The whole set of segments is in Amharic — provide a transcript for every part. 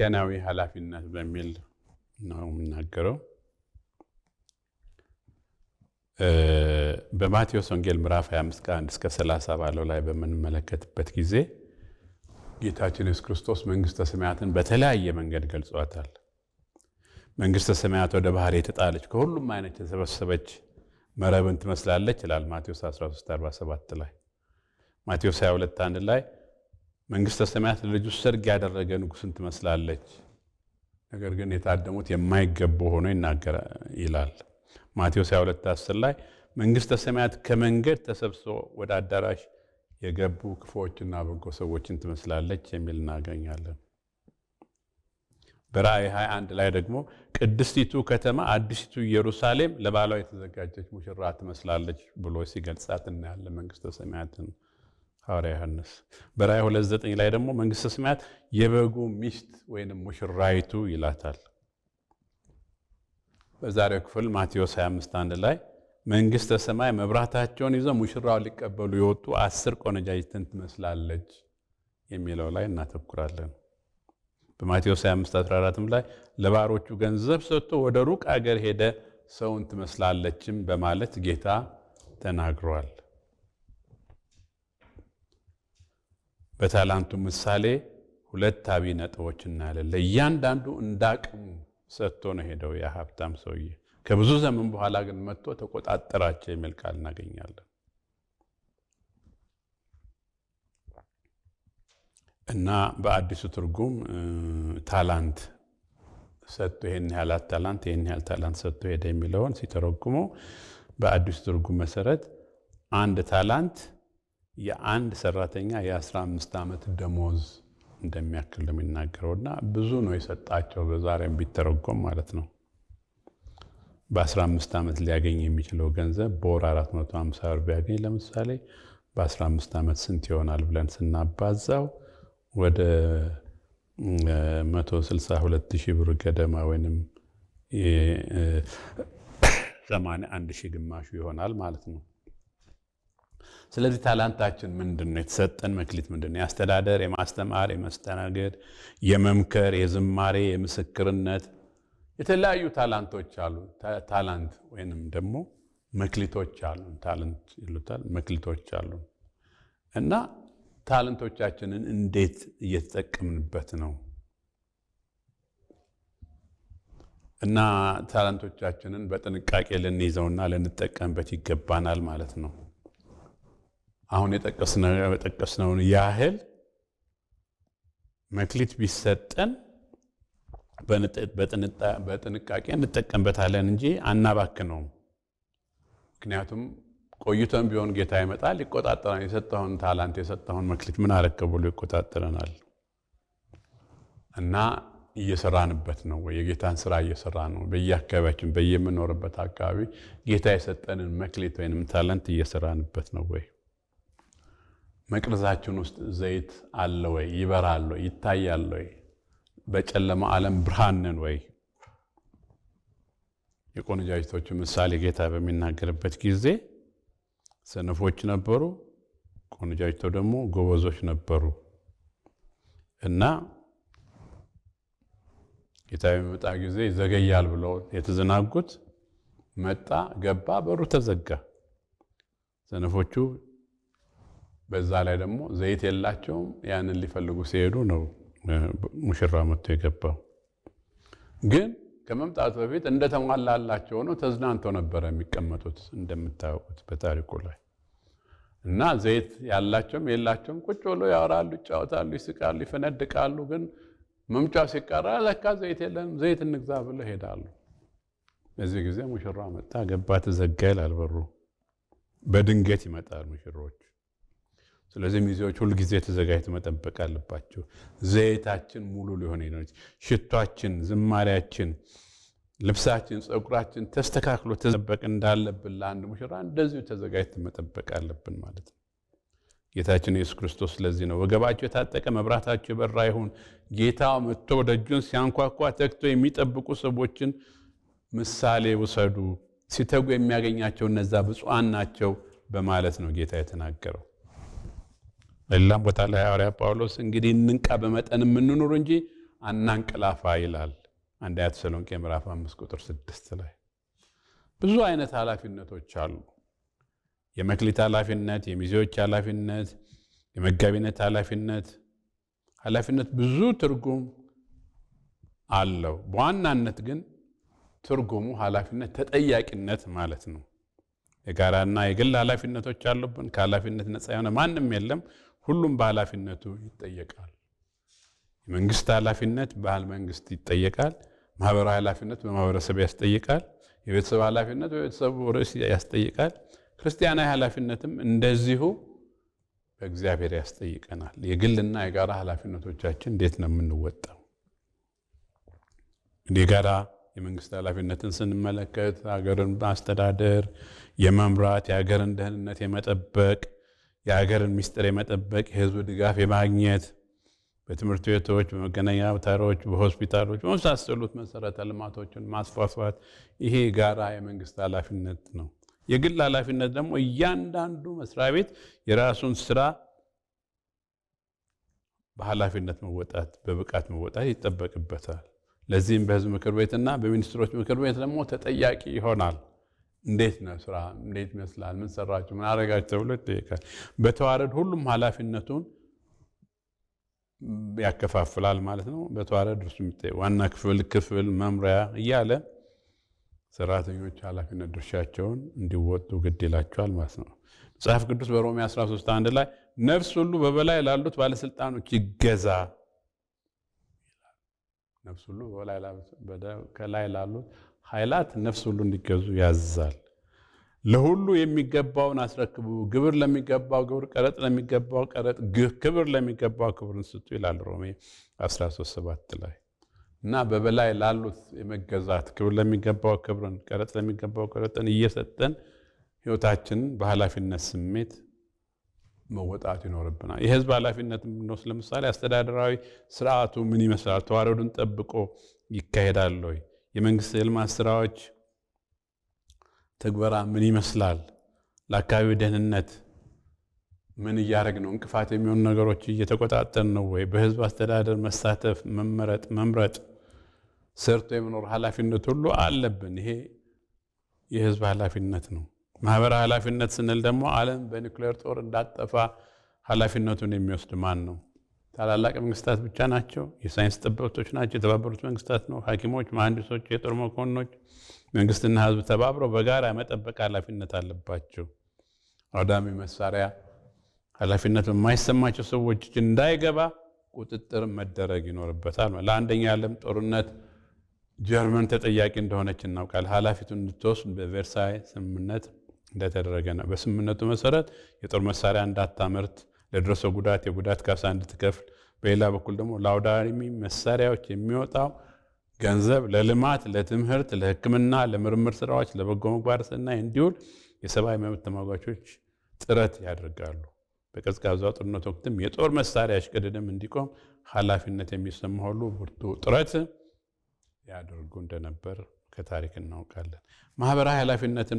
ክርስቲያናዊ ኃላፊነት በሚል ነው የምናገረው። በማቴዎስ ወንጌል ምዕራፍ 25 ከ1 እስከ 30 ባለው ላይ በምንመለከትበት ጊዜ ጌታችን ኢየሱስ ክርስቶስ መንግሥተ ሰማያትን በተለያየ መንገድ ገልጿታል። መንግሥተ ሰማያት ወደ ባህር የተጣለች ከሁሉም አይነት የተሰበሰበች መረብን ትመስላለች ይላል ማቴዎስ 1347 ላይ ማቴዎስ 22 1 ላይ መንግስተ ሰማያት ለልጁ ሰርግ ያደረገ ንጉስን ትመስላለች፣ ነገር ግን የታደሙት የማይገቡ ሆኖ ይላል ማቴዎስ 22 10 ላይ መንግስተ ሰማያት ከመንገድ ተሰብስቦ ወደ አዳራሽ የገቡ ክፎችና በጎ ሰዎችን ትመስላለች የሚል እናገኛለን። በራእይ 21 ላይ ደግሞ ቅድስቲቱ ከተማ አዲስቱ ኢየሩሳሌም ለባሏ የተዘጋጀች ሙሽራ ትመስላለች ብሎ ሲገልጻት እናያለን መንግሥተ ሰማያትን። ሐዋርያ ዮሐንስ በራእይ 2፥9 ላይ ደግሞ መንግስተ ሰማያት የበጉ ሚስት ወይንም ሙሽራይቱ ይላታል። በዛሬው ክፍል ማቴዎስ አንድ ላይ መንግስተ ሰማይ መብራታቸውን ይዘው ሙሽራውን ሊቀበሉ የወጡ አስር ቆነጃጅትን ትመስላለች የሚለው ላይ እናተኩራለን። በማቴዎስ 14 ላይ ለባሮቹ ገንዘብ ሰጥቶ ወደ ሩቅ አገር ሄደ ሰውን ትመስላለችም በማለት ጌታ ተናግሯል። በታላንቱ ምሳሌ ሁለት አቢ ነጥቦች እናያለን። ለእያንዳንዱ እንዳቅሙ ሰጥቶ ነው ሄደው ያ ሀብታም ሰውዬ። ከብዙ ዘመን በኋላ ግን መጥቶ ተቆጣጠራቸው የሚል ቃል እናገኛለን። እና በአዲሱ ትርጉም ታላንት ሰጥቶ ይህን ያህል ታላንት ይህን ያህል ታላንት ሰጥቶ ሄደ የሚለውን ሲተረጉመው በአዲሱ ትርጉም መሰረት አንድ ታላንት የአንድ ሰራተኛ የ15 ዓመት ደሞዝ እንደሚያክል ነው የሚናገረው እና ብዙ ነው የሰጣቸው በዛሬም ቢተረጎም ማለት ነው። በ15 ዓመት ሊያገኝ የሚችለው ገንዘብ በወር 450 ብር ቢያገኝ ለምሳሌ በ15 ዓመት ስንት ይሆናል ብለን ስናባዛው ወደ 162 ብር ገደማ ወይም 81 ግማሹ ይሆናል ማለት ነው። ስለዚህ ታላንታችን ምንድን ነው? የተሰጠን መክሊት ምንድን ነው? የአስተዳደር፣ የማስተማር፣ የመስተናገድ፣ የመምከር፣ የዝማሬ፣ የምስክርነት የተለያዩ ታላንቶች አሉ። ታላንት ወይንም ደግሞ መክሊቶች አሉ። ታላንት ይሉታል፣ መክሊቶች አሉ እና ታለንቶቻችንን እንዴት እየተጠቀምንበት ነው? እና ታለንቶቻችንን በጥንቃቄ ልንይዘውና ልንጠቀምበት ይገባናል ማለት ነው። አሁን የጠቀስነውን ያህል መክሊት ቢሰጠን በጥንቃቄ እንጠቀምበታለን እንጂ አናባክ ነው። ምክንያቱም ቆይተን ቢሆን ጌታ ይመጣል፣ ይቆጣጠረናል። የሰጠውን ታላንት የሰጠውን መክሊት ምን አረከብ ብሎ ይቆጣጠረናል እና እየሰራንበት ነው ወይ የጌታን ስራ እየሰራ ነው። በየአካባቢያችን በየምኖርበት አካባቢ ጌታ የሰጠንን መክሊት ወይንም ታላንት እየሰራንበት ነው ወይ? መቅረዛችን ውስጥ ዘይት አለ ወይ? ይበራል ወይ? ይታያል ወይ? በጨለማ ዓለም ብርሃንን ወይ? የቆነጃጅቶቹ ምሳሌ ጌታ በሚናገርበት ጊዜ ሰነፎች ነበሩ፣ ቆነጃጅቶ ደግሞ ጎበዞች ነበሩ እና ጌታ በሚመጣ ጊዜ ይዘገያል ብለው የተዘናጉት መጣ፣ ገባ፣ በሩ ተዘጋ። ሰነፎቹ በዛ ላይ ደግሞ ዘይት የላቸውም። ያንን ሊፈልጉ ሲሄዱ ነው ሙሽራ መጥቶ የገባው። ግን ከመምጣቱ በፊት እንደተሟላላቸው ነው ተዝናንተው ነበረ የሚቀመጡት እንደምታወቁት በታሪኩ ላይ እና ዘይት ያላቸውም የላቸውም ቁጭ ብሎ ያወራሉ፣ ይጫወታሉ፣ ይስቃሉ፣ ይፈነድቃሉ። ግን መምጫው ሲቀራ ለካ ዘይት የለንም ዘይት እንግዛ ብለው ሄዳሉ። በዚህ ጊዜ ሙሽራ መጣ፣ ገባ፣ ተዘጋ ይላል በሩ። በድንገት ይመጣል ሙሽሮች ስለዚህ ሚዜዎች ጊዜ ተዘጋጅተው መጠበቅ አለባቸው። ዘይታችን ሙሉ ሊሆን ነች። ሽቷችን፣ ዝማሪያችን፣ ልብሳችን፣ ጸጉራችን ተስተካክሎ ተጠበቅ እንዳለብን ለአንድ ሙሽራ እንደዚሁ ተዘጋጅተን መጠበቅ አለብን ማለት ነው። ጌታችን ኢየሱስ ክርስቶስ ስለዚህ ነው ወገባቸው የታጠቀ መብራታቸው የበራ ይሁን ጌታ መጥቶ ደጁን ሲያንኳኳ ተግቶ የሚጠብቁ ሰዎችን ምሳሌ ውሰዱ፣ ሲተጉ የሚያገኛቸው እነዛ ብፁዓን ናቸው በማለት ነው ጌታ የተናገረው። በሌላም ቦታ ላይ ሐዋርያ ጳውሎስ እንግዲህ እንንቃ፣ በመጠን የምንኖር እንጂ አናንቀላፋ ይላል። አንደኛ ተሰሎንቄ ምዕራፍ አምስት ቁጥር ስድስት ላይ ብዙ አይነት ኃላፊነቶች አሉ። የመክሊት ኃላፊነት፣ የሚዜዎች ኃላፊነት፣ የመጋቢነት ኃላፊነት ኃላፊነት ብዙ ትርጉም አለው። በዋናነት ግን ትርጉሙ ኃላፊነት ተጠያቂነት ማለት ነው። የጋራና የግል ኃላፊነቶች አሉብን። ከኃላፊነት ነፃ የሆነ ማንም የለም። ሁሉም በኃላፊነቱ ይጠየቃል። የመንግስት ኃላፊነት ባህል መንግስት ይጠየቃል። ማህበራዊ ኃላፊነት በማህበረሰብ ያስጠይቃል። የቤተሰብ ኃላፊነት በቤተሰቡ ርዕስ ያስጠይቃል። ክርስቲያናዊ ኃላፊነትም እንደዚሁ በእግዚአብሔር ያስጠይቀናል። የግልና የጋራ ኃላፊነቶቻችን እንዴት ነው የምንወጣው? የጋራ የመንግስት ኃላፊነትን ስንመለከት ሀገርን ማስተዳደር፣ የመምራት፣ የሀገርን ደህንነት የመጠበቅ የአገርን ሚስጥር የመጠበቅ የህዝብ ድጋፍ የማግኘት በትምህርት ቤቶች፣ በመገናኛ አውታሮች፣ በሆስፒታሎች፣ በመሳሰሉት መሰረተ ልማቶችን ማስፋፋት ይሄ ጋራ የመንግስት ኃላፊነት ነው። የግል ኃላፊነት ደግሞ እያንዳንዱ መስሪያ ቤት የራሱን ስራ በኃላፊነት መወጣት፣ በብቃት መወጣት ይጠበቅበታል። ለዚህም በህዝብ ምክር ቤትና በሚኒስትሮች ምክር ቤት ደግሞ ተጠያቂ ይሆናል። እንዴት ነው ስራ እንዴት ይመስላል ምን ሰራችሁ ምን አረጋችሁ ተብሎ ይጠየቃል በተዋረድ ሁሉም ኃላፊነቱን ያከፋፍላል ማለት ነው በተዋረድ እርሱ ዋና ክፍል ክፍል መምሪያ እያለ ሰራተኞች ኃላፊነት ድርሻቸውን እንዲወጡ ግድ ይላቸዋል ማለት ነው መጽሐፍ ቅዱስ በሮሜ 13 አንድ ላይ ነፍስ ሁሉ በበላይ ላሉት ባለስልጣኖች ይገዛ ነፍስ ሁሉ ከላይ ላሉት ኃይላት ነፍስ ሁሉ እንዲገዙ ያዝዛል። ለሁሉ የሚገባውን አስረክቡ፣ ግብር ለሚገባው ግብር፣ ቀረጥ ለሚገባው ቀረጥ፣ ክብር ለሚገባው ክብርን ስጡ ይላል ሮሜ 137 ላይ እና በበላይ ላሉት የመገዛት ክብር ለሚገባው ክብርን፣ ቀረጥ ለሚገባው ቀረጥን እየሰጠን ህይወታችንን በኃላፊነት ስሜት መወጣት ይኖርብናል። የህዝብ ኃላፊነት ምንስ? ለምሳሌ አስተዳደራዊ ስርዓቱ ምን ይመስላል? ተዋረዱን ጠብቆ ይካሄዳል ወይ? የመንግስት የልማት ስራዎች ትግበራ ምን ይመስላል? ለአካባቢው ደህንነት ምን እያደረግ ነው? እንቅፋት የሚሆኑ ነገሮች እየተቆጣጠር ነው ወይ? በህዝብ አስተዳደር መሳተፍ፣ መመረጥ፣ መምረጥ፣ ሰርቶ የመኖር ኃላፊነት ሁሉ አለብን። ይሄ የህዝብ ኃላፊነት ነው። ማህበራዊ ኃላፊነት ስንል ደግሞ ዓለም በኒውክሌር ጦር እንዳጠፋ ኃላፊነቱን የሚወስድ ማን ነው? ታላላቅ መንግስታት ብቻ ናቸው። የሳይንስ ጠበብቶች ናቸው። የተባበሩት መንግስታት ነው። ሀኪሞች መሀንዲሶች የጦር መኮንኖች መንግስትና ህዝብ ተባብረው በጋራ መጠበቅ ኃላፊነት አለባቸው። አውዳሚ መሳሪያ ኃላፊነት በማይሰማቸው ሰዎች እንዳይገባ ቁጥጥር መደረግ ይኖርበታል። ለአንደኛ ዓለም ጦርነት ጀርመን ተጠያቂ እንደሆነች እናውቃል። ኃላፊቱን እንድትወስድ በቨርሳይ ስምምነት እንደተደረገ ነው። በስምምነቱ መሰረት የጦር መሳሪያ እንዳታመርት ለደረሰው ጉዳት የጉዳት ካሳ እንድትከፍል፣ በሌላ በኩል ደግሞ ለአውዳሚ መሳሪያዎች የሚወጣው ገንዘብ ለልማት፣ ለትምህርት፣ ለሕክምና፣ ለምርምር ስራዎች፣ ለበጎ ምግባር ስናይ እንዲውል የሰብአዊ መብት ተሟጋቾች ጥረት ያደርጋሉ። በቀዝቃዛው ጦርነት ወቅትም የጦር መሳሪያ እሽቅድድም እንዲቆም ኃላፊነት የሚሰማ ሁሉ ብርቱ ጥረት ያደርጉ እንደነበር ከታሪክ እናውቃለን። ማህበራዊ ኃላፊነትን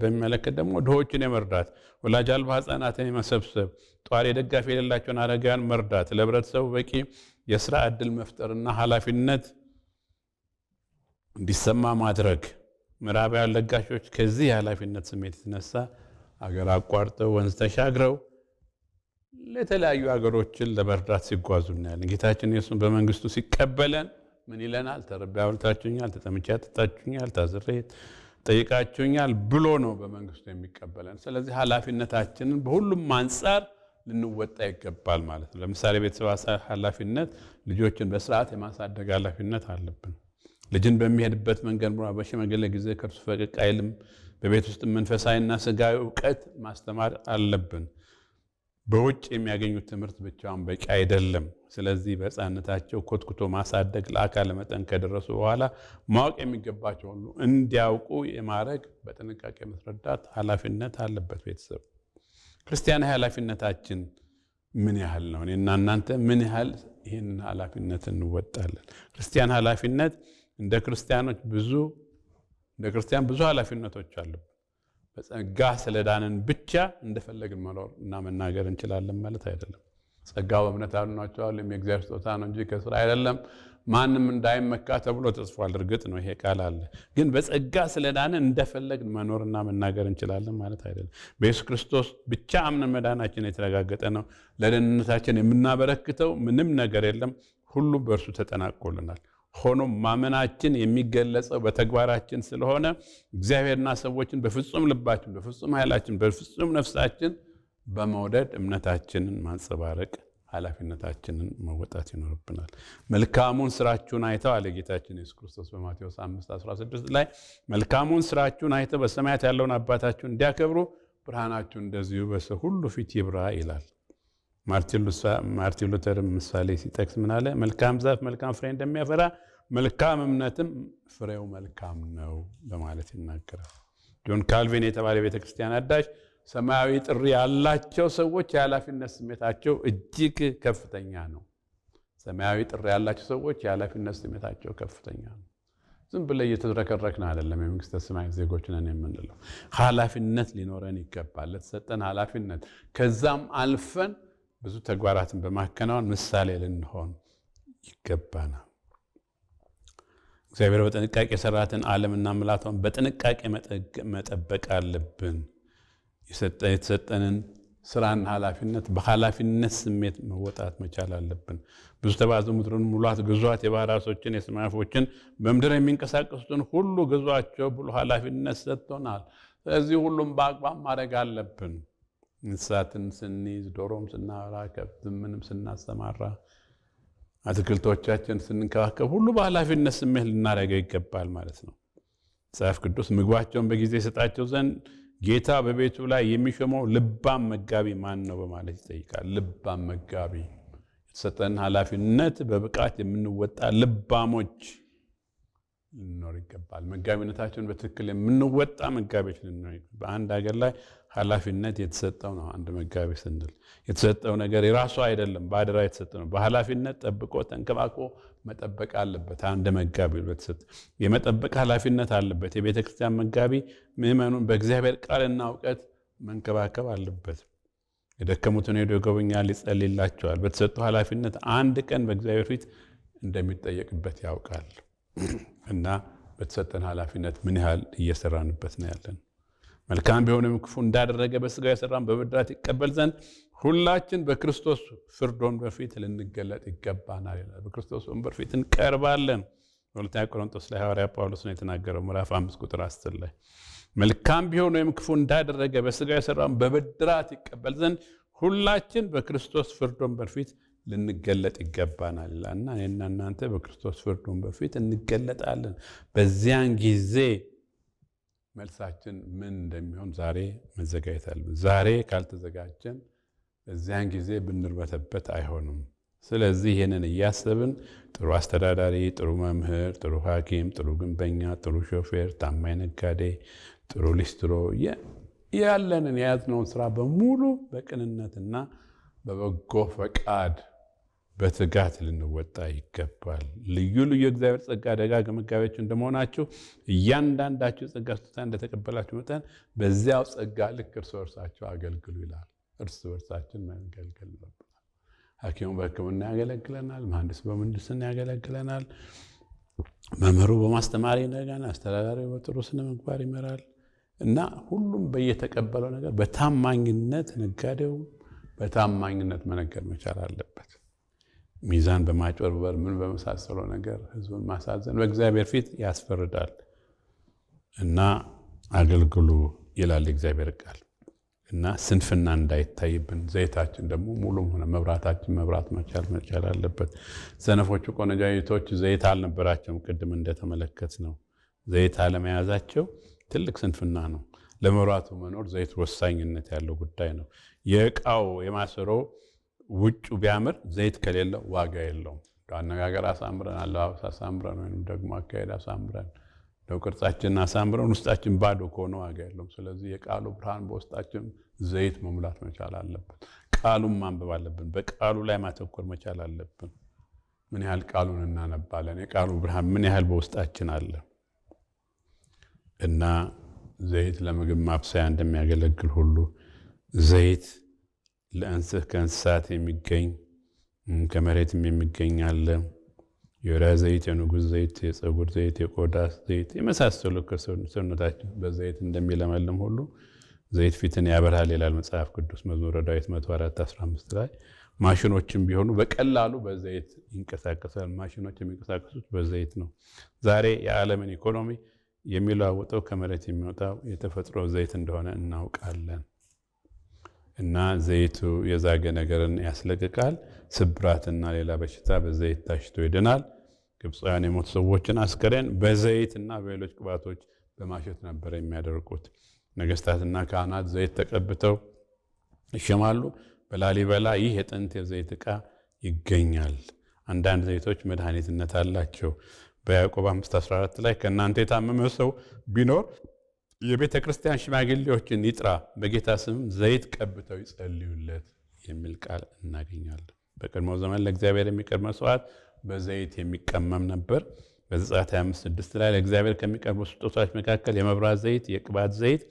በሚመለከት ደግሞ ድሆችን የመርዳት ወላጅ አልባ ህጻናትን የመሰብሰብ ጧሪ ደጋፊ የሌላቸውን አረጋውያን መርዳት ለህብረተሰቡ በቂ የስራ እድል መፍጠርና ኃላፊነት እንዲሰማ ማድረግ ምዕራባውያን ለጋሾች ከዚህ የኃላፊነት ስሜት የተነሳ አገር አቋርጠው ወንዝ ተሻግረው ለተለያዩ አገሮችን ለመርዳት ሲጓዙ እናያለን። ጌታችን ኢየሱስ በመንግስቱ ሲቀበለን ምን ይለናል? ተርቤ አብልታችሁኛል፣ ተጠምቼ አጠጣችሁኛል፣ ታስሬ ጠይቃችሁኛል ብሎ ነው በመንግስቱ የሚቀበለን። ስለዚህ ኃላፊነታችንን በሁሉም አንጻር ልንወጣ ይገባል ማለት ነው። ለምሳሌ ቤተሰብ ኃላፊነት፣ ልጆችን በስርዓት የማሳደግ ኃላፊነት አለብን። ልጅን በሚሄድበት መንገድ በሽመገለ ጊዜ ከእርሱ ፈቀቅ አይልም። በቤት ውስጥ መንፈሳዊና ስጋዊ እውቀት ማስተማር አለብን። በውጭ የሚያገኙት ትምህርት ብቻውን በቂ አይደለም። ስለዚህ በሕፃንነታቸው ኮትኩቶ ማሳደግ ለአካል መጠን ከደረሱ በኋላ ማወቅ የሚገባቸው ሁሉ እንዲያውቁ የማድረግ በጥንቃቄ መስረዳት ኃላፊነት አለበት ቤተሰብ። ክርስቲያናዊ ኃላፊነታችን ምን ያህል ነው? እኔና እናንተ ምን ያህል ይህንን ኃላፊነት እንወጣለን? ክርስቲያን ኃላፊነት እንደ ክርስቲያኖች ብዙ እንደ ክርስቲያን ብዙ ኃላፊነቶች አሉ። በጸጋ ስለዳንን ብቻ እንደፈለግን መኖር እና መናገር እንችላለን ማለት አይደለም። ጸጋው በእምነት አድኗቸዋል የእግዚአብሔር ስጦታ ነው እንጂ ከስራ አይደለም፣ ማንም እንዳይመካ ተብሎ ተጽፏል። እርግጥ ነው ይሄ ቃል አለ፣ ግን በጸጋ ስለዳንን እንደፈለግን መኖርና መናገር እንችላለን ማለት አይደለም። በኢየሱስ ክርስቶስ ብቻ አምነን መዳናችን የተረጋገጠ ነው። ለደህንነታችን የምናበረክተው ምንም ነገር የለም፣ ሁሉ በእርሱ ተጠናቆልናል። ሆኖ ማመናችን የሚገለጸው በተግባራችን ስለሆነ እግዚአብሔርና ሰዎችን በፍጹም ልባችን፣ በፍጹም ኃይላችን፣ በፍጹም ነፍሳችን በመውደድ እምነታችንን ማንጸባረቅ ኃላፊነታችንን መወጣት ይኖርብናል። መልካሙን ስራችሁን አይተው አለ ጌታችን ኢየሱስ ክርስቶስ በማቴዎስ 5፥16 ላይ መልካሙን ስራችሁን አይተው በሰማያት ያለውን አባታችሁን እንዲያከብሩ ብርሃናችሁ እንደዚሁ በሰው ሁሉ ፊት ይብራ ይላል። ማርቲን ሉተር ምሳሌ ሲጠቅስ ምን አለ? መልካም ዛፍ መልካም ፍሬ እንደሚያፈራ መልካም እምነትም ፍሬው መልካም ነው በማለት ይናገራል። ጆን ካልቪን የተባለ ቤተክርስቲያን አዳሽ ሰማያዊ ጥሪ ያላቸው ሰዎች የኃላፊነት ስሜታቸው እጅግ ከፍተኛ ነው። ሰማያዊ ጥሪ ያላቸው ሰዎች የኃላፊነት ስሜታቸው ከፍተኛ ነው። ዝም ብለ እየተዝረከረክን አይደለም የመንግስተ ሰማይ ዜጎች ነን የምንለው። ኃላፊነት ሊኖረን ይገባል። ለተሰጠን ኃላፊነት ከዛም አልፈን ብዙ ተግባራትን በማከናወን ምሳሌ ልንሆን ይገባናል። እግዚአብሔር በጥንቃቄ የሰራትን እና ምላቷን በጥንቃቄ መጠበቅ አለብን። የተሰጠንን ስራና ኃላፊነት በኃላፊነት ስሜት መወጣት መቻል አለብን። ብዙ ተባዙ ምድሩን ሙሏት ግዟት፣ የባሕር ዓሦችን የሰማይ ወፎችን፣ በምድር የሚንቀሳቀሱትን ሁሉ ግዟቸው ብሎ ኃላፊነት ሰጥቶናል። ስለዚህ ሁሉም በአግባብ ማድረግ አለብን። እንስሳትን ስንይዝ፣ ዶሮም ስናበላ፣ ከብት ምንም ስናሰማራ፣ አትክልቶቻችን ስንንከባከብ ሁሉ በኃላፊነት ስሜት ልናደርገው ይገባል ማለት ነው። መጽሐፍ ቅዱስ ምግባቸውን በጊዜ ይሰጣቸው ዘንድ ጌታ በቤቱ ላይ የሚሾመው ልባም መጋቢ ማን ነው በማለት ይጠይቃል። ልባም መጋቢ የተሰጠን ኃላፊነት በብቃት የምንወጣ ልባሞች ልንኖር ይገባል። መጋቢነታችን በትክክል የምንወጣ መጋቢዎች ልንኖር በአንድ ሀገር ላይ ኃላፊነት የተሰጠው ነው። አንድ መጋቢ ስንል የተሰጠው ነገር የራሱ አይደለም፣ በአደራ የተሰጠ ነው። በኃላፊነት ጠብቆ ተንከባክቦ መጠበቅ አለበት። አንድ መጋቢ በተሰጠ የመጠበቅ ኃላፊነት አለበት። የቤተ ክርስቲያን መጋቢ ምዕመኑን በእግዚአብሔር ቃልና እውቀት መንከባከብ አለበት። የደከሙትን ሄዶ ይጎበኛል፣ ይጸልይላቸዋል። በተሰጠው ኃላፊነት አንድ ቀን በእግዚአብሔር ፊት እንደሚጠየቅበት ያውቃል እና በተሰጠን ኃላፊነት ምን ያህል እየሰራንበት ነው ያለን? መልካም ቢሆንም ክፉ እንዳደረገ በስጋ የሰራን በብድራት ይቀበል ዘንድ ሁላችን በክርስቶስ ፍርዶን በፊት ልንገለጥ ይገባናል ይላል። በክርስቶስ ወንበር ፊት እንቀርባለን። ሁለተኛ ቆሮንቶስ ላይ ሐዋርያ ጳውሎስ ነው የተናገረው ምዕራፍ አምስት ቁጥር አስር ላይ መልካም ቢሆን ወይም ክፉ እንዳደረገ በስጋ የሰራን በብድራት ይቀበል ዘንድ ሁላችን በክርስቶስ ፍርዶን በፊት ልንገለጥ ይገባናል ይላል እና እኔና እናንተ በክርስቶስ ፍርዶን በፊት እንገለጣለን በዚያን ጊዜ መልሳችን ምን እንደሚሆን ዛሬ መዘጋጀት አለብን። ዛሬ ካልተዘጋጀን እዚያን ጊዜ ብንርበተበት አይሆንም። ስለዚህ ይህንን እያሰብን ጥሩ አስተዳዳሪ፣ ጥሩ መምህር፣ ጥሩ ሐኪም፣ ጥሩ ግንበኛ፣ ጥሩ ሾፌር፣ ታማኝ ነጋዴ፣ ጥሩ ሊስትሮ ያለንን የያዝነውን ስራ በሙሉ በቅንነትና በበጎ ፈቃድ በትጋት ልንወጣ ይገባል። ልዩ ልዩ እግዚአብሔር ጸጋ ደጋግ መጋቢዎች እንደመሆናችሁ እያንዳንዳችሁ ጸጋ ስጦታ እንደተቀበላችሁ መጠን በዚያው ጸጋ ልክ እርስ በርሳችሁ አገልግሉ ይላል። እርስ በርሳችን መንገልገል ይገባል። ሐኪሙ በሕክምና ያገለግለናል። መሐንዲሱ በምህንድስና ያገለግለናል። መምህሩ በማስተማር ይነጋን፣ አስተዳዳሪው በጥሩ ስነ ምግባር ይመራል እና ሁሉም በየተቀበለው ነገር በታማኝነት ነጋዴው በታማኝነት መነገድ መቻል አለበት። ሚዛን በማጭበርበር ምን በመሳሰለው ነገር ህዝቡን ማሳዘን በእግዚአብሔር ፊት ያስፈርዳል እና አገልግሉ ይላል እግዚአብሔር ቃል እና ስንፍና እንዳይታይብን ዘይታችን ደግሞ ሙሉም ሆነ መብራታችን መብራት መቻል መቻል አለበት። ሰነፎቹ ቆነጃጅቶች ዘይት አልነበራቸውም። ቅድም እንደተመለከት ነው ዘይት አለመያዛቸው ትልቅ ስንፍና ነው። ለመብራቱ መኖር ዘይት ወሳኝነት ያለው ጉዳይ ነው። የእቃው የማሰሮ ውጩ ቢያምር ዘይት ከሌለው ዋጋ የለውም። አነጋገር አሳምረን፣ አለባበስ አሳምረን፣ ወይም ደግሞ አካሄድ አሳምረን ለው ቅርጻችንን አሳምረን ውስጣችን ባዶ ከሆነ ዋጋ የለውም። ስለዚህ የቃሉ ብርሃን በውስጣችን ዘይት መሙላት መቻል አለብን። ቃሉን ማንበብ አለብን። በቃሉ ላይ ማተኮር መቻል አለብን። ምን ያህል ቃሉን እናነባለን? የቃሉ ብርሃን ምን ያህል በውስጣችን አለ እና ዘይት ለምግብ ማብሰያ እንደሚያገለግል ሁሉ ዘይት ለእንስህ ከእንስሳት የሚገኝ ከመሬትም የሚገኝ አለ። የወይራ ዘይት፣ የንጉስ ዘይት፣ የፀጉር ዘይት፣ የቆዳ ዘይት የመሳሰሉ ሰውነታችን በዘይት እንደሚለመልም ሁሉ ዘይት ፊትን ያበራል ይላል መጽሐፍ ቅዱስ መዝሙረ ዳዊት 104:15 ላይ። ማሽኖችም ቢሆኑ በቀላሉ በዘይት ይንቀሳቀሳል። ማሽኖች የሚንቀሳቀሱት በዘይት ነው። ዛሬ የዓለምን ኢኮኖሚ የሚለዋወጠው ከመሬት የሚወጣው የተፈጥሮ ዘይት እንደሆነ እናውቃለን። እና ዘይቱ የዛገ ነገርን ያስለቅቃል። ስብራትና ሌላ በሽታ በዘይት ታሽቶ ይድናል። ግብፃውያን የሞቱ ሰዎችን አስከሬን በዘይት እና በሌሎች ቅባቶች በማሸት ነበር የሚያደርጉት። ነገስታትና ካህናት ዘይት ተቀብተው ይሸማሉ። በላሊበላ ይህ የጥንት የዘይት ዕቃ ይገኛል። አንዳንድ ዘይቶች መድኃኒትነት አላቸው። በያዕቆብ 5፥14 ላይ ከእናንተ የታመመ ሰው ቢኖር የቤተ ክርስቲያን ሽማግሌዎችን ይጥራ፣ በጌታ ስም ዘይት ቀብተው ይጸልዩለት የሚል ቃል እናገኛለን። በቀድሞ ዘመን ለእግዚአብሔር የሚቀርብ መስዋዕት በዘይት የሚቀመም ነበር። በዘጸአት 25፥6 ላይ ለእግዚአብሔር ከሚቀርቡ ስጦታዎች መካከል የመብራት ዘይት፣ የቅባት ዘይት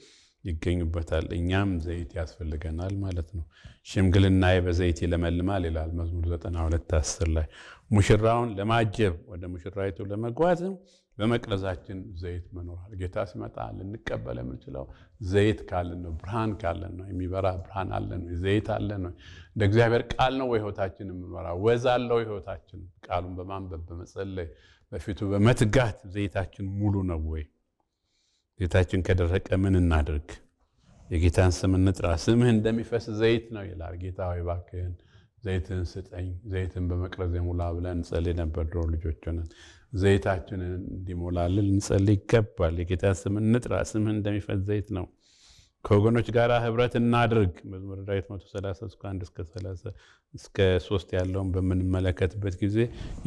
ይገኙበታል። እኛም ዘይት ያስፈልገናል ማለት ነው። ሽምግልናዬ በዘይት ይለመልማል ይላል መዝሙር 10 ላይ ሙሽራውን ለማጀብ ወደ ሙሽራይቱ ለመጓዝም በመቅረዛችን ዘይት መኖራል። ጌታ ሲመጣ ልንቀበል የምንችለው ዘይት ካለን ነው፣ ብርሃን ካለን ነው። የሚበራ ብርሃን አለን ነው፣ ዘይት አለን ነው። እንደ እግዚአብሔር ቃል ነው ወይ ህይወታችን የምንበራ ወዝ ህይወታችን። ቃሉን በማንበብ በመጸለይ በፊቱ በመትጋት ዘይታችን ሙሉ ነው ወይ? ዘይታችን ከደረቀ ምን እናድርግ? የጌታን ስም እንጥራ። ስምህ እንደሚፈስ ዘይት ነው ይላል ጌታ። ወይ እባክህን ዘይትን ስጠኝ፣ ዘይትን በመቅረዝ የሙላ ብለን እንጸልይ ነበር ድሮ ልጆችንን ዘይታችንን እንዲሞላልን እንጸልይ ይገባል። የጌታ ስም እንጥራ። ስምህ እንደሚፈት ዘይት ነው። ከወገኖች ጋር ህብረት እናድርግ። መዝሙር ዳዊት 130 እስከ 3 ያለውን በምንመለከትበት ጊዜ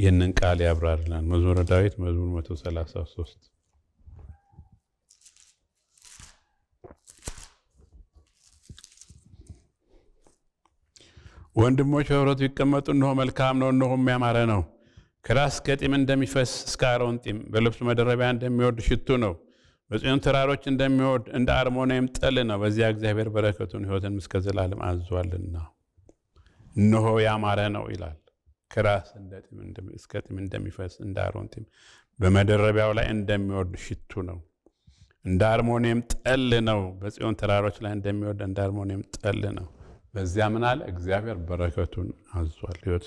ይህንን ቃል ያብራርላል። መዝሙር ዳዊት መዝሙር 133 ወንድሞች በህብረቱ ይቀመጡ፣ እንሆ መልካም ነው፣ እንሆ የሚያማረ ነው። ከራስ ከጢም እንደሚፈስ እስከ አሮን ጢም በልብሱ መደረቢያ እንደሚወድ ሽቱ ነው። በጽዮን ተራሮች እንደሚወድ እንደ አርሞንኤም ጠል ነው። በዚያ እግዚአብሔር በረከቱን ህይወትን እስከ ዘላለም አዟልና እንሆ ያማረ ነው ይላል። ከራስ እስከ ጢም እንደሚፈስ እንደ አሮን ጢም በመደረቢያው ላይ እንደሚወድ ሽቱ ነው። እንደ አርሞንኤም ጠል ነው። በጽዮን ተራሮች ላይ እንደሚወድ እንደ አርሞንኤም ጠል ነው። በዚያ ምን አለ? እግዚአብሔር በረከቱን አዟል። ሕይወት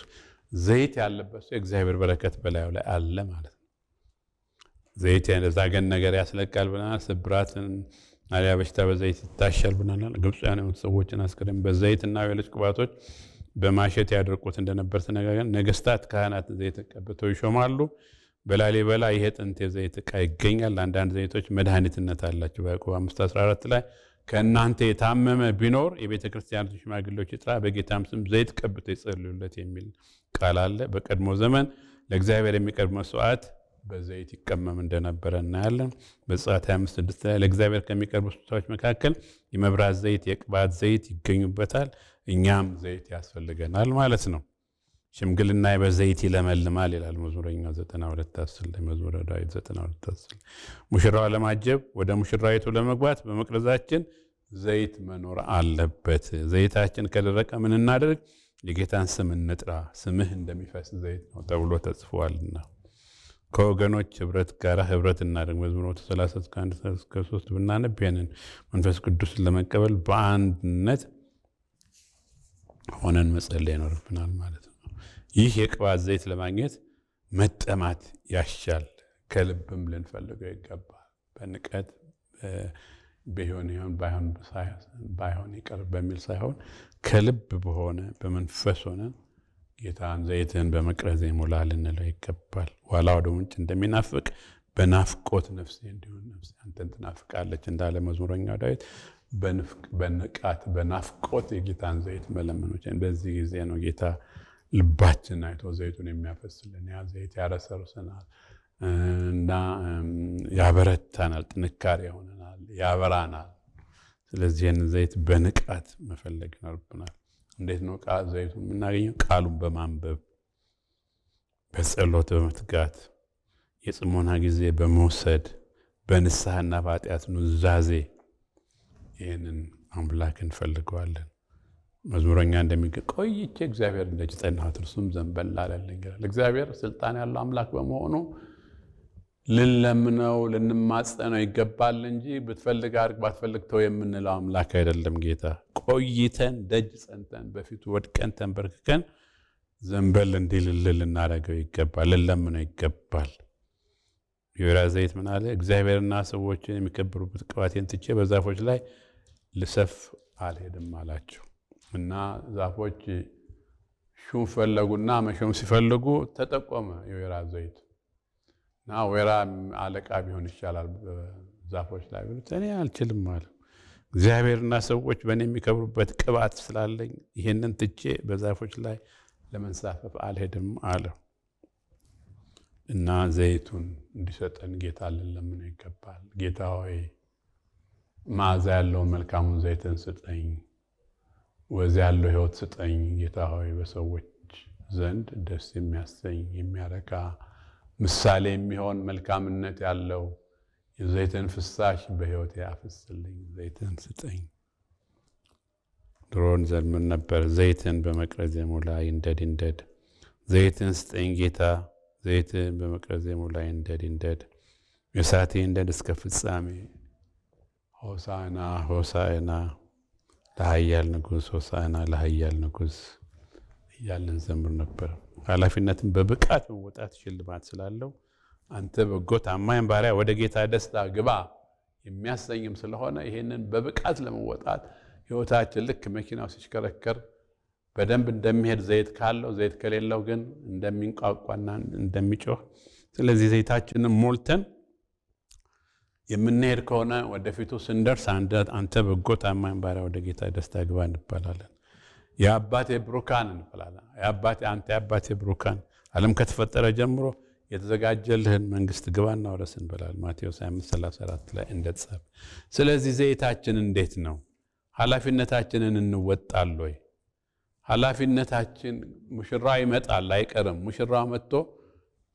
ዘይት ያለበት ሰው የእግዚአብሔር በረከት በላዩ ላይ አለ ማለት ነው። ዘይት ለዛገን ነገር ያስለቃል ብለናል። ስብራትን አሊያ በሽታ በዘይት ይታሻል ብለናል። ግብፅያን የሆኑት ሰዎችን አስቀደም በዘይት እና ሌሎች ቅባቶች በማሸት ያደርቁት እንደነበር ተነጋገን። ነገስታት ካህናትን ዘይት ቀብተው ይሾማሉ። በላሊበላ ይሄ ጥንት የዘይት ዕቃ ይገኛል። አንዳንድ ዘይቶች መድኃኒትነት አላቸው። በያዕቆብ 5፥14 ላይ ከእናንተ የታመመ ቢኖር የቤተ ክርስቲያን ሽማግሌዎች ይጥራ፣ በጌታም ስም ዘይት ቀብቶ ይጸልዩለት የሚል ቃል አለ። በቀድሞ ዘመን ለእግዚአብሔር የሚቀርብ መስዋዕት በዘይት ይቀመም እንደነበረ እናያለን። በጸአት 26 ላይ ለእግዚአብሔር ከሚቀርቡ ስጦታዎች መካከል የመብራት ዘይት፣ የቅባት ዘይት ይገኙበታል። እኛም ዘይት ያስፈልገናል ማለት ነው። ሽምግልና በዘይት ይለመልማል ይላል መዝሙረኛ 92 10 ላይ መዝሙረ ዳዊት 92 10 ሙሽራው ለማጀብ ወደ ሙሽራይቱ ለመግባት በመቅረዛችን ዘይት መኖር አለበት። ዘይታችን ከደረቀ ምን እናደርግ? የጌታን ስም እንጥራ፣ ስምህ እንደሚፈስ ዘይት ነው ተብሎ ተጽፏልና ከወገኖች ህብረት ጋር ህብረት እናደርግ። መዝሙር 31 ብናነብ ያንን መንፈስ ቅዱስን ለመቀበል በአንድነት ሆነን መጸለይ ይኖርብናል ማለት ነው። ይህ የቅባት ዘይት ለማግኘት መጠማት ያሻል። ከልብም ልንፈልገው ይገባል። በንቀት በሆን ሆን ባይሆን ይቀር በሚል ሳይሆን ከልብ በሆነ በመንፈስ ሆነ ጌታን ዘይትህን በመቅረዝ ሙላ ልንለው ይገባል። ዋላ ወደ ውንጭ እንደሚናፍቅ በናፍቆት ነፍሴ እንዲሁም ነፍሴ አንተን ትናፍቃለች እንዳለ መዝሙረኛው ዳዊት በንቃት በናፍቆት የጌታን ዘይት መለመኖች በዚህ ጊዜ ነው ጌታ ልባችን አይቶ ዘይቱን የሚያፈስልን ያ ዘይት ያረሰርሰናል እና ያበረታናል፣ ጥንካሬ ሆነናል ያበራናል። ስለዚህ ይህን ዘይት በንቃት መፈለግ ይኖርብናል። እንዴት ነው ዘይቱ የምናገኘው? ቃሉን በማንበብ በጸሎት በመትጋት የጽሞና ጊዜ በመውሰድ በንስሐና በኃጢአት ኑዛዜ ይህንን አምላክ እንፈልገዋለን። መዝሙረኛ እንደሚገ ቆይቼ እግዚአብሔር እንደ ጭጠናት እርሱም ዘንበል አለልኝ ይላል። እግዚአብሔር ስልጣን ያለው አምላክ በመሆኑ ልንለምነው ልንማጸነው ይገባል እንጂ ብትፈልግ አድርግ ባትፈልግ ተው የምንለው አምላክ አይደለም። ጌታ ቆይተን ደጅ ጸንተን በፊቱ ወድቀን ተንበርክከን ዘንበል እንዲልል ልናደርገው ይገባል፣ ልንለምነው ይገባል። የወይራ ዘይት ምን አለ? እግዚአብሔርና ሰዎችን የሚከብሩበት ቅባቴን ትቼ በዛፎች ላይ ልሰፍ አልሄድም አላቸው። እና ዛፎች ሹም ፈለጉና መሾም ሲፈልጉ ተጠቆመ የወይራ ዘይት እና ወይራ አለቃ ቢሆን ይቻላል ዛፎች ላይ ብሉት፣ እኔ አልችልም አለ። እግዚአብሔርና ሰዎች በእኔ የሚከብሩበት ቅባት ስላለኝ ይሄንን ትቼ በዛፎች ላይ ለመንሳፈፍ አልሄድም አለ እና ዘይቱን እንዲሰጠን ጌታ ልንለምነው ይገባል። ጌታ ሆይ መዓዛ ያለውን መልካሙን ዘይትን ስጠኝ። ወዚያ ያለው ህይወት ስጠኝ ጌታ ሆይ፣ በሰዎች ዘንድ ደስ የሚያሰኝ የሚያረካ ምሳሌ የሚሆን መልካምነት ያለው የዘይትን ፍሳሽ በህይወት ያፍስልኝ፣ ዘይትን ስጠኝ። ድሮን ዘልምን ነበር ዘይትን በመቅረዝ የሙላ ይንደድ ይንደድ፣ ዘይትን ስጠኝ ጌታ፣ ዘይትን በመቅረዝ የሙላ ይንደድ ይንደድ፣ የእሳቴ ይንደድ እስከ ፍጻሜ ሆሳና ሆሳና ለሀያል ንጉስ ሆሳዕና ለሀያል ንጉስ እያለን ዘምር ነበር። ኃላፊነትን በብቃት መወጣት ሽልማት ስላለው አንተ በጎ ታማኝ ባሪያ ወደ ጌታ ደስታ ግባ የሚያሰኝም ስለሆነ ይህንን በብቃት ለመወጣት ህይወታችን ልክ መኪናው ሲሽከረከር በደንብ እንደሚሄድ ዘይት ካለው ዘይት ከሌለው ግን እንደሚንቋቋና እንደሚጮህ ስለዚህ ዘይታችንን ሞልተን የምንሄድ ከሆነ ወደፊቱ ስንደርስ አንተ በጎ ታማኝ ባሪያ ወደ ጌታ ደስታ ግባ እንባላለን። የአባቴ ብሩካን እንባላለን። የአባቴ አንተ የአባቴ ብሩካን ዓለም ከተፈጠረ ጀምሮ የተዘጋጀልህን መንግስት ግባ እናውረስ እንበላል ማቴዎስ 534 ላይ እንደተጻፈ። ስለዚህ ዘይታችን እንዴት ነው? ኃላፊነታችንን እንወጣል ወይ? ኃላፊነታችን ሙሽራ ይመጣል አይቀርም። ሙሽራ መጥቶ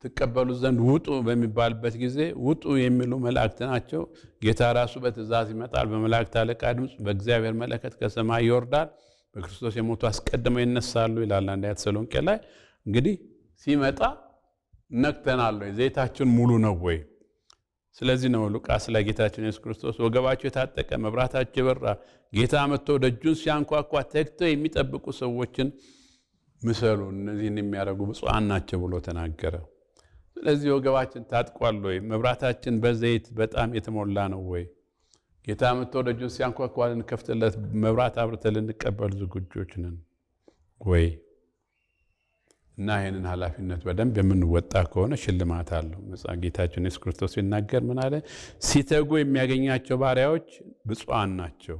ትቀበሉ ዘንድ ውጡ በሚባልበት ጊዜ ውጡ የሚሉ መላእክት ናቸው። ጌታ ራሱ በትእዛዝ ይመጣል። በመላእክት አለቃ ድምፅ፣ በእግዚአብሔር መለከት ከሰማይ ይወርዳል። በክርስቶስ የሞቱ አስቀድመው ይነሳሉ ይላል አንደኛ ተሰሎንቄ ላይ። እንግዲህ ሲመጣ ነቅተናል ወይ? ዘይታችን ሙሉ ነው ወይ? ስለዚህ ነው ሉቃስ ስለ ጌታችን ኢየሱስ ክርስቶስ ወገባቸው የታጠቀ መብራታቸው የበራ ጌታ መጥቶ ደጁን ሲያንኳኳ ተግተው የሚጠብቁ ሰዎችን ምሰሉ፣ እነዚህን የሚያደርጉ ብፁዓን ናቸው ብሎ ተናገረ። ስለዚህ ወገባችን ታጥቋል ወይ? መብራታችን በዘይት በጣም የተሞላ ነው ወይ? ጌታ መጥቶ ደጁን ሲያንኳኳ ልንከፍትለት መብራት አብርተ ልንቀበል ዝግጆች ነን ወይ? እና ይህንን ኃላፊነት በደንብ የምንወጣ ከሆነ ሽልማት አለው። መጽሐፍ ጌታችን ኢየሱስ ክርስቶስ ሲናገር ምን አለ? ሲተጉ የሚያገኛቸው ባሪያዎች ብፁዓን ናቸው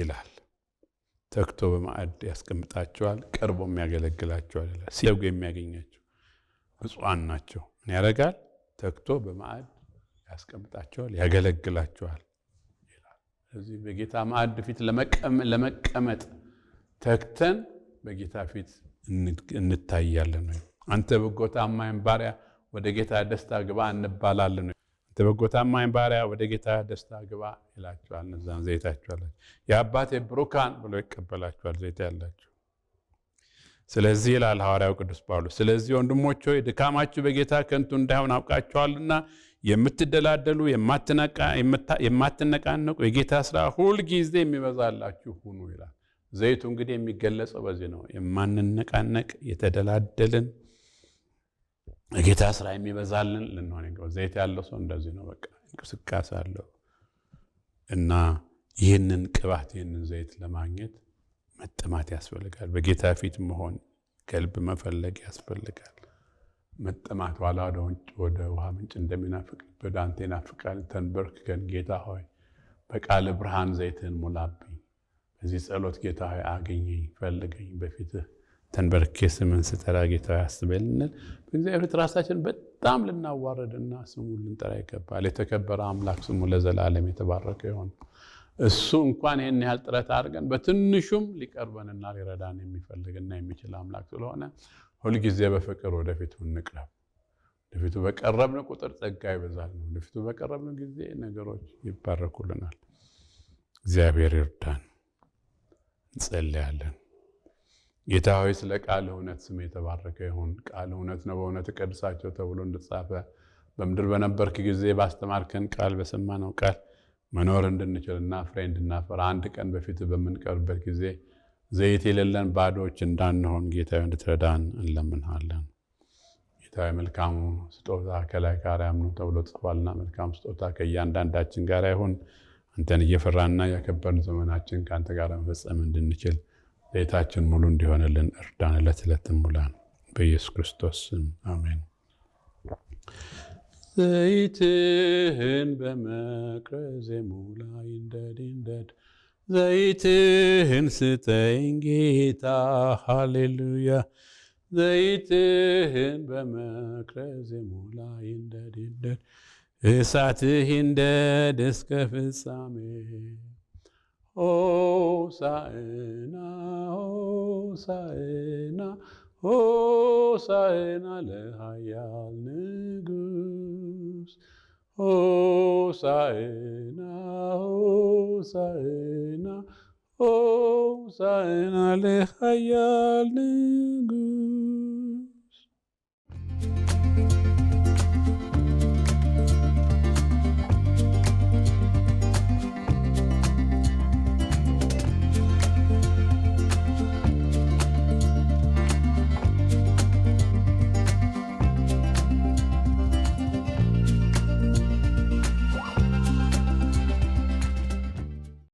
ይላል። ተክቶ በማዕድ ያስቀምጣቸዋል፣ ቀርቦም ያገለግላቸዋል ይላል። ሲተጉ የሚያገኛቸው ብፁዓን ናቸው። ምን ያደርጋል? ተግቶ በማዕድ ያስቀምጣቸዋል፣ ያገለግላቸዋል ይላል። ስለዚህ በጌታ ማዕድ ፊት ለመቀመጥ ተግተን በጌታ ፊት እንታያለን። ወይም አንተ በጎ ታማኝ ባሪያ ወደ ጌታ ደስታ ግባ እንባላለን። አንተ በጎ ታማኝ ባሪያ ወደ ጌታ ደስታ ግባ ይላቸዋል። እነዛን ዘይታቸዋላቸው የአባቴ ብሩካን ብሎ ይቀበላቸዋል። ዘይታ ያላቸው ስለዚህ ይላል ሐዋርያው ቅዱስ ጳውሎስ፣ ስለዚህ ወንድሞች ሆይ ድካማችሁ በጌታ ከንቱ እንዳይሆን አውቃችኋልና የምትደላደሉ የማትነቃነቁ የጌታ ስራ ሁልጊዜ የሚበዛላችሁ ሁኑ ይላል። ዘይቱ እንግዲህ የሚገለጸው በዚህ ነው። የማንነቃነቅ የተደላደልን የጌታ ስራ የሚበዛልን ልንሆን ዘይት ያለው ሰው እንደዚህ ነው። በቃ እንቅስቃሴ አለው እና ይህንን ቅባት ይህንን ዘይት ለማግኘት መጠማት ያስፈልጋል። በጌታ ፊት መሆን ከልብ መፈለግ ያስፈልጋል። መጠማት ኋላ ወደ ውጭ ወደ ውሃ ምንጭ እንደሚናፍቅ ወደ አንተ ይናፍቃል። ተንበርክከን ጌታ ሆይ በቃል ብርሃን ዘይትህን ሙላብኝ። በዚህ ጸሎት ጌታ ሆይ አገኘኝ፣ ፈልገኝ፣ በፊትህ ተንበርኬ ስምን ስጠራ ጌታ ያስበልንል። በእግዚአብሔር ራሳችን በጣም ልናዋረድና ስሙን ልንጠራ ይገባል። የተከበረ አምላክ ስሙ ለዘላለም የተባረከ ይሆን። እሱ እንኳን ይህን ያህል ጥረት አድርገን በትንሹም ሊቀርበንና ሊረዳን የሚፈልግና የሚችል አምላክ ስለሆነ ሁልጊዜ በፍቅር ወደፊቱ እንቅረብ። ወደፊቱ በቀረብን ቁጥር ጸጋ ይበዛል። ወደፊቱ በቀረብን ጊዜ ነገሮች ይባረኩልናል። እግዚአብሔር ይርዳን። እንጸልያለን። ጌታ ሆይ ስለ ቃል እውነት ስም የተባረከ ይሁን። ቃል እውነት ነው፣ በእውነት እቀድሳቸው ተብሎ እንደተጻፈ በምድር በነበርክ ጊዜ ባስተማርከን ቃል በሰማነው ቃል መኖር እንድንችልና ፍሬ እንድናፈራ አንድ ቀን በፊት በምንቀርበት ጊዜ ዘይት የሌለን ባዶዎች እንዳንሆን ጌታ እንድትረዳን እንለምንሃለን። ጌታ መልካሙ ስጦታ ከላይ ጋር ያምኑ ተብሎ ጽፏልና መልካም ስጦታ ከእያንዳንዳችን ጋር ይሁን። አንተን እየፈራና ያከበርን ዘመናችን ከአንተ ጋር መፈጸም እንድንችል ዘይታችን ሙሉ እንዲሆንልን እርዳን። ዕለት ዕለት ሙላን። በኢየሱስ ክርስቶስ ስም አሜን። ዘይትህን በመቅረዝ ሙላይ እንደ ድንደድ ዘይትህን ስጠኝ ጌታ ሃሌሉያ ዘይትህን በመቅረዝ ሙላይ እንደ ድንደድ እሳትህ ይንደድ እስከ ፍጻሜ ሆሳዕና ሆሳዕና Hosanna lehayal negus. Hosanna, Hosanna, Hosanna lehayal negus.